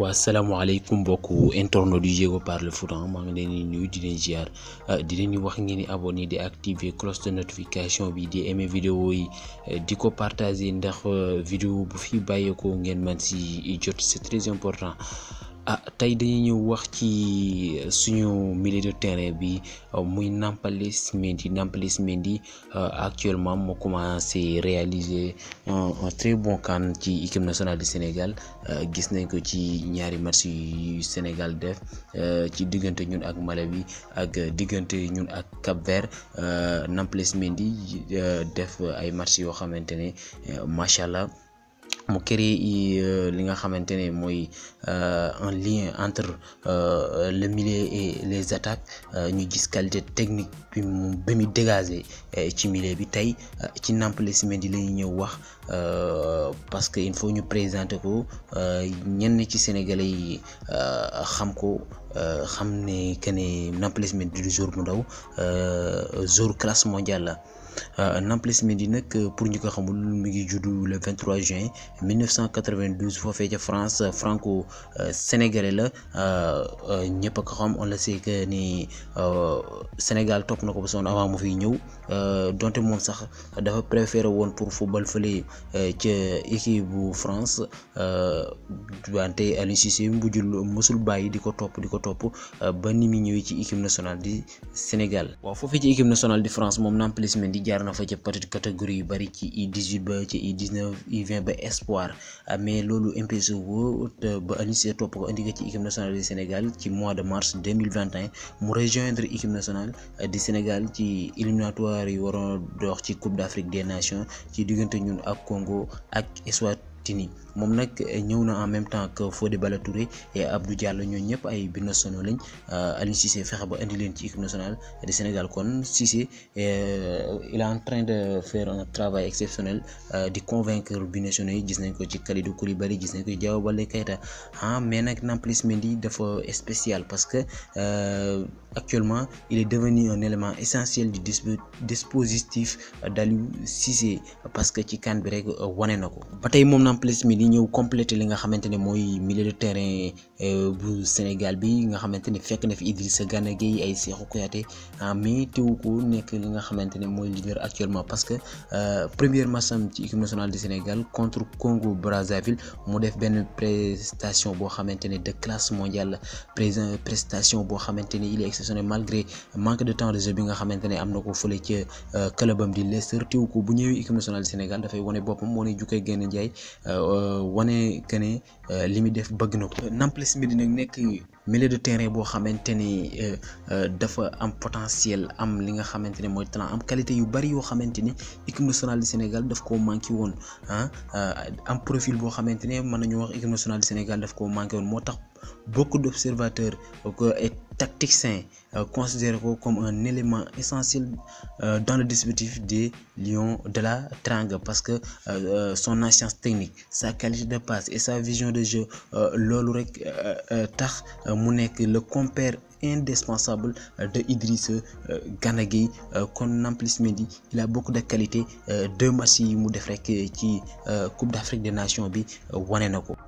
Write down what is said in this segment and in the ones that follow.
Wassalamu alaikum mbokku internautes du Diégo Parle Foot ah, maa ngi leen di nuyu di leen ziar ah, di leen wax ngeen di abonné di activer cloche de notification bi di aimer vidéo yi eh, di ko partager ndax eh, vidéo bu fi bàyyeekoo ngeen man si jot c'est très important. ah tey dañuy ñëw wax ci euh, suñu milieu de terrain bi euh, muy Nampalys Mendy Nampalys Mendy euh, actuellement moo commencé réaliser un très bon CAN ci équipe nationale di Sénégal gis nañ ko ci ñaari match yu Sénégal def ci diggante ñun ak Malawi ak diggante ñun ak Cap-Vert Nampalys Mendy def ay match yoo xamante ne macha allah. mu yi euh, li nga xamante ne mooy en euh, lien entre euh, le millier et les attaques ñu gis qualité technique bi mu bi mu dégagé ci milieu bi tey ci Nampalys Mendy la ñu ñëw wax parce que il faut ñu présenter ko ñenn ci Sénégalais yi xam ko xam ne que ne Nampalys Mendy du jour bu ndaw jour classe mondiale la. Euh, Nampalys Mendy nag euh, pour ñu ko xamul mu ngi juddu le 23 juin 1992 foofee ca France euh, franco sénégalais la ñëpp a ko xam on le sait que ni Sénégal topp na ko ba sonn avant mu fiy ñëw donte moom sax dafa préféré woon pour football fale ca équipe bu France wante Aliou Cissé mbujul mësul bàyyi di ko topp di ko topp ba ni mu ñëwee ci équipe nationale du Sénégal waaw foofee ci équipe nationale du France moom Nampalys Mendy jaar na fa ca petite catégorie yu bari ci U18 ba ci U19 u espoir ah, mais loolu imprécié wu euh, ba Aliou Cissé topp ko indi ci équipe nationale du Sénégal ci mois de mars 2021 mu rejoindre équipe nationale euh, du Sénégal ci éliminatoire yi waroon dox ci coup d'Afrique des Nations ci diggante ñun ak Congo ak Eswatini Tini mom nak eh, ñewna en même temps que Fodé Ballo-Touré et Abdou Diallo ñoo ñep ay binationaux lañ euh, Aliou Cissé fexé ba indi leen ci équipe nationale du Sénégal kon Cissé euh, il est en train de faire un travail exceptionnel euh, di convaincre binationaux yi gis nañ ko ci Kalidou Koulibaly gis nañ ko ci Diao Baldé Keita ah mais nak Nampalys Mendy dafa spécial parce que actuellement il est devenu un élément essentiel du dispositif d'Aliou Cissé parce que ci kan bi rek woné nako batay mom place mi di complète complété li nga xamantene moy milieu de terrain euh, bu Sénégal bi nga xamantene fekk na fi Idrissa Gana Gueye ay Cheikhou Kouyaté ah, mais teewu nek li nga xamantene moy leader actuellement parce que euh, première match am ci équipe nationale du Sénégal contre Congo Brazzaville mu def ben prestation bo xamantene de classe mondiale prestation bo xamantene il est exceptionnel malgré manque de temps de jeu bi nga xamantene ne que na de euh, clubam di Leicester teewu bu ñëwee équipe nationale du Sénégal woné bopam mo wane Jukkay genn Ndiaye Euh, wane que ne euh, li muy def bëgg na ko. Nampalys Mendy nag nekk milieu de terrain boo xamante ni euh, dafa am potentiel am li nga xamante ne mooy talent am qualité yu bari yoo xamante ni équipe nationale du Sénégal daf koo manqué woon ah am profil boo xamante ne mën nañu wax équipe nationale du Sénégal daf koo manqué woon moo tax beaucoup d'observateurs et tactique sain, euh, considéré comme un élément essentiel euh, dans le dispositif des Lions de la Tringue parce que euh, son ancienne technique sa qualité de passe et sa vision de jeu rek tax le compère indispensable de Idriss Gana n'en plus il a beaucoup de qualités de matchs yi mu qui Coupe d'Afrique des Nations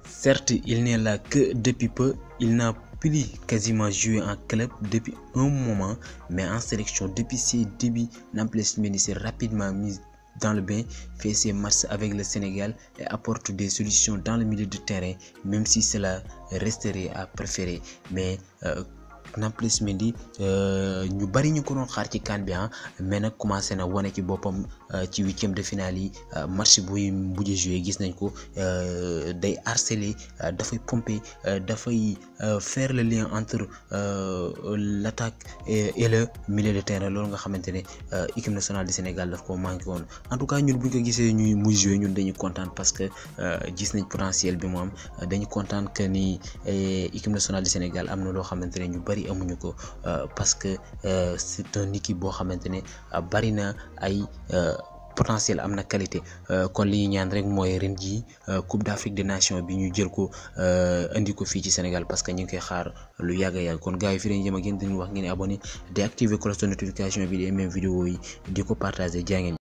certes il n'est là que depuis peu il n'a Pili, quasiment joué en club depuis un moment, mais en sélection depuis ses débuts, l'Emplacement s'est rapidement mis dans le bain, fait ses matchs avec le Sénégal et apporte des solutions dans le milieu de terrain, même si cela resterait à préférer. Mais euh, Nampalys Mendy euh, ñu bari ñu ko doon xaar ci CAN bi ah mais nag commencé na wane ci boppam euh, ci huitième de finale yi euh, match buy mujj joué gis nañ ko day harceler dafay pomper dafay faire le lien entre l'attaque et le milieu de terrain loolu nga xamante maintenir équipe nationale du Sénégal daf ko manqué en tout cas ñun bu ñu ko gisee ñuy muy joué ñun dañuy content parce que gis nañ potentiel bi mu am dañu content que ni équipe nationale du Sénégal am na loo xamante ñu bari amuñu ko euh, parce que euh, c'est un équipe boo xamante ne euh, bari na ay potentiel am na qualité kon li ñu ñaan rek mooy ren ji Coupe d'Afrique des Nations bi ñu jël ko indi ko fii ci Sénégal parce que ñu ngi koy xaar lu yàgg a yàgg kon gars yi fi leen jëm ak yéen dañuy wax ngeen abonné di activer cloche de notification bi di même vidéo yi di ko partager jaa ngeen